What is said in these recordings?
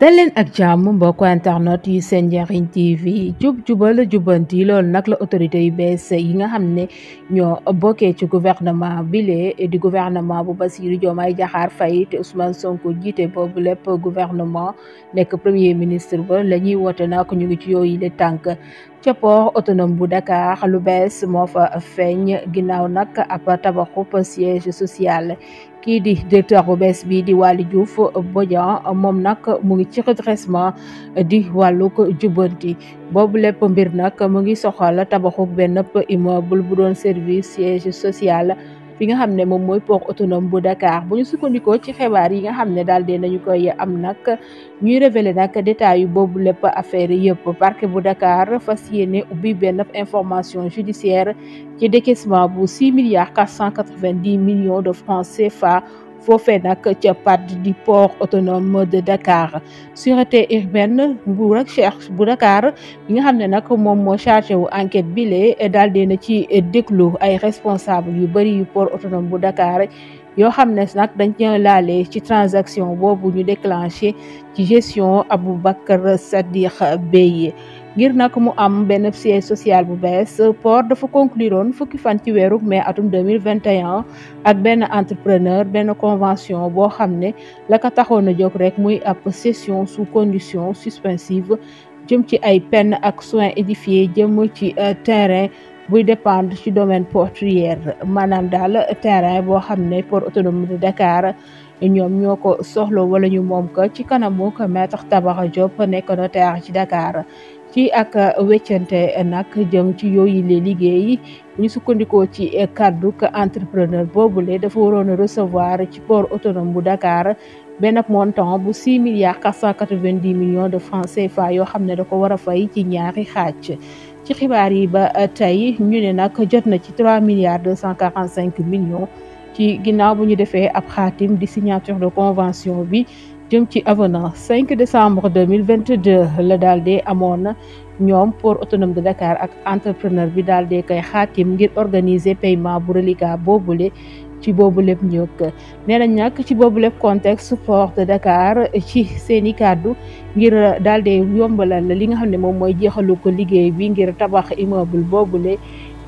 dal leen ak jàmm mbokk internet yu seen njariñ tv jub jubal jubanti lool nag la autorité yu bees yi nga xam ne ñoo bokkee ci gouvernement bile di gouvernement bu Bassirou Diomaye jaxaar fay te Ousmane Sonko jiite boobu lépp gouvernement nekk premier ministre ba la ñuy woote nag ñu ngi ci yooyu le tànk ca port autonome bu Dakar lu bees moo fa feeñ ginnaaw nag ab tabaxub siège social kii di directeur bu bees bi di Waly Diouf Bodian moom nag mu ngi ci redressement di wàllug jubbanti boobu lépp mbir nag mu ngi soxal tabaxub benn immeuble bu doon service siège social fi nga xam ne port autonome bu Dakar bu ñu sukkandikoo ci xibaar yi nga détail Dakar information judiciaire ci décaissement 6 milliards 490 millions de francs CFA foofee nag ca pad du port autonome de Dakar sûreté urbaine vous recherchez bu Dakar Nous avons xam chargé wu enquête bilé et daal dina ci déglu ay responsable yu bari yu port autonome bu Dakar Yo avons nak dañ ci transactions ci transaction bobu ñu déclencher ci gestion Abou Aboubacar Sadiq Beye ngir mu am siège social bu port conclure ci atum 2021 ak entrepreneur convention bo xamné la ka taxone rek sous conditions suspensive jëm ci ay peine ak soins euh, terrain buy dépendre ci domaine portuaire Dal terrain va xamné port autonome de Dakar ñoom ñoo ko wala ñu ci ci Dakar ci ak euh, weccante euh, nag jëm ci yooyu les liggéey ñu sukkandikoo ci euh, kàdduk entrepreneur boobule dafa waroon a recevoir ci port autonome bu Dakar benn montant bu six milliards quatre cent quatre-vingt-dix millions de francs CFA yoo xam ne dako ko war a fay ci ñaari xaaj ci xibaar yi ba tey ñu ne nag jot na ci trois milliards deux cent quarante-cinq millions. ci ginnaaw bu ñu defee ab xaatim di signature de convention bi jëm ci avenant 5 décembre 2022 la daal di amoon ñoom pour autonome de Dakar ak entrepreneur bi daal di koy xaatim ngir organiser paiement bu reliquat boobule ci boobu lépp ñëpp nee nañ nag ci boobu lépp contexte port de Dakar ci seeni i kàddu ngir daal di la li nga xam ne moom mooy jeexalu ko liggéey bi ngir tabax immeuble boobule.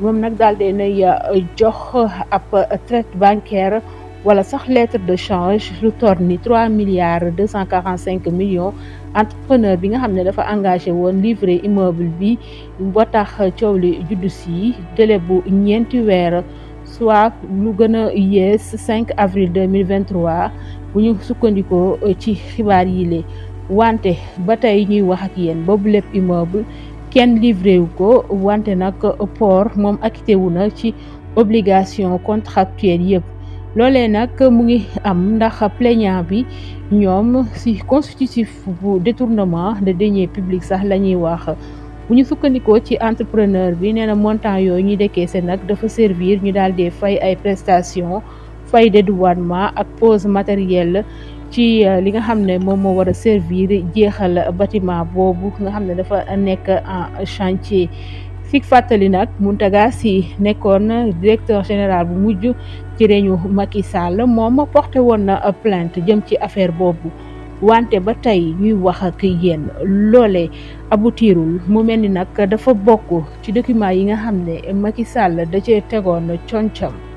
moom nag daal di euh, euh, traite bancaire wala sax lettre de change lu milliards deux millions entrepreneur bi nga livrer immeuble bi soit 5 avril 2023 bu ñu sukkandikoo euh, ci xibaar yi le wante wax ak kenn livré wu ko wante nag port moom acquitté wu na ci obligation contractuelle yëpp loolee nag mu ngi am ndax plaignant bi ñoom si constitutif bu détournement de deniers publics sax la ñuy wax bu ñu sukkandikoo ci entrepreneur bi nee na montant yooyu ñu que nag dafa servir ñu daal di fay ay prestations fay dédouanement ak pose matériel ci euh, li nga xam ne moom moo war a servir jeexal batiment boobu nga xam ne dafa nekk en chantier fik fàttali nag Mountaga Sy nekkoon directeur général bu mujj ci réñu Macky Sall moom porté woon na plante jëm ci affaire boobu wante ba tey ñuy wax ak yéen loole aboutirul mu mel ni nag dafa bokk ci document yi nga xam ne Macky Sall da cee tegoon concam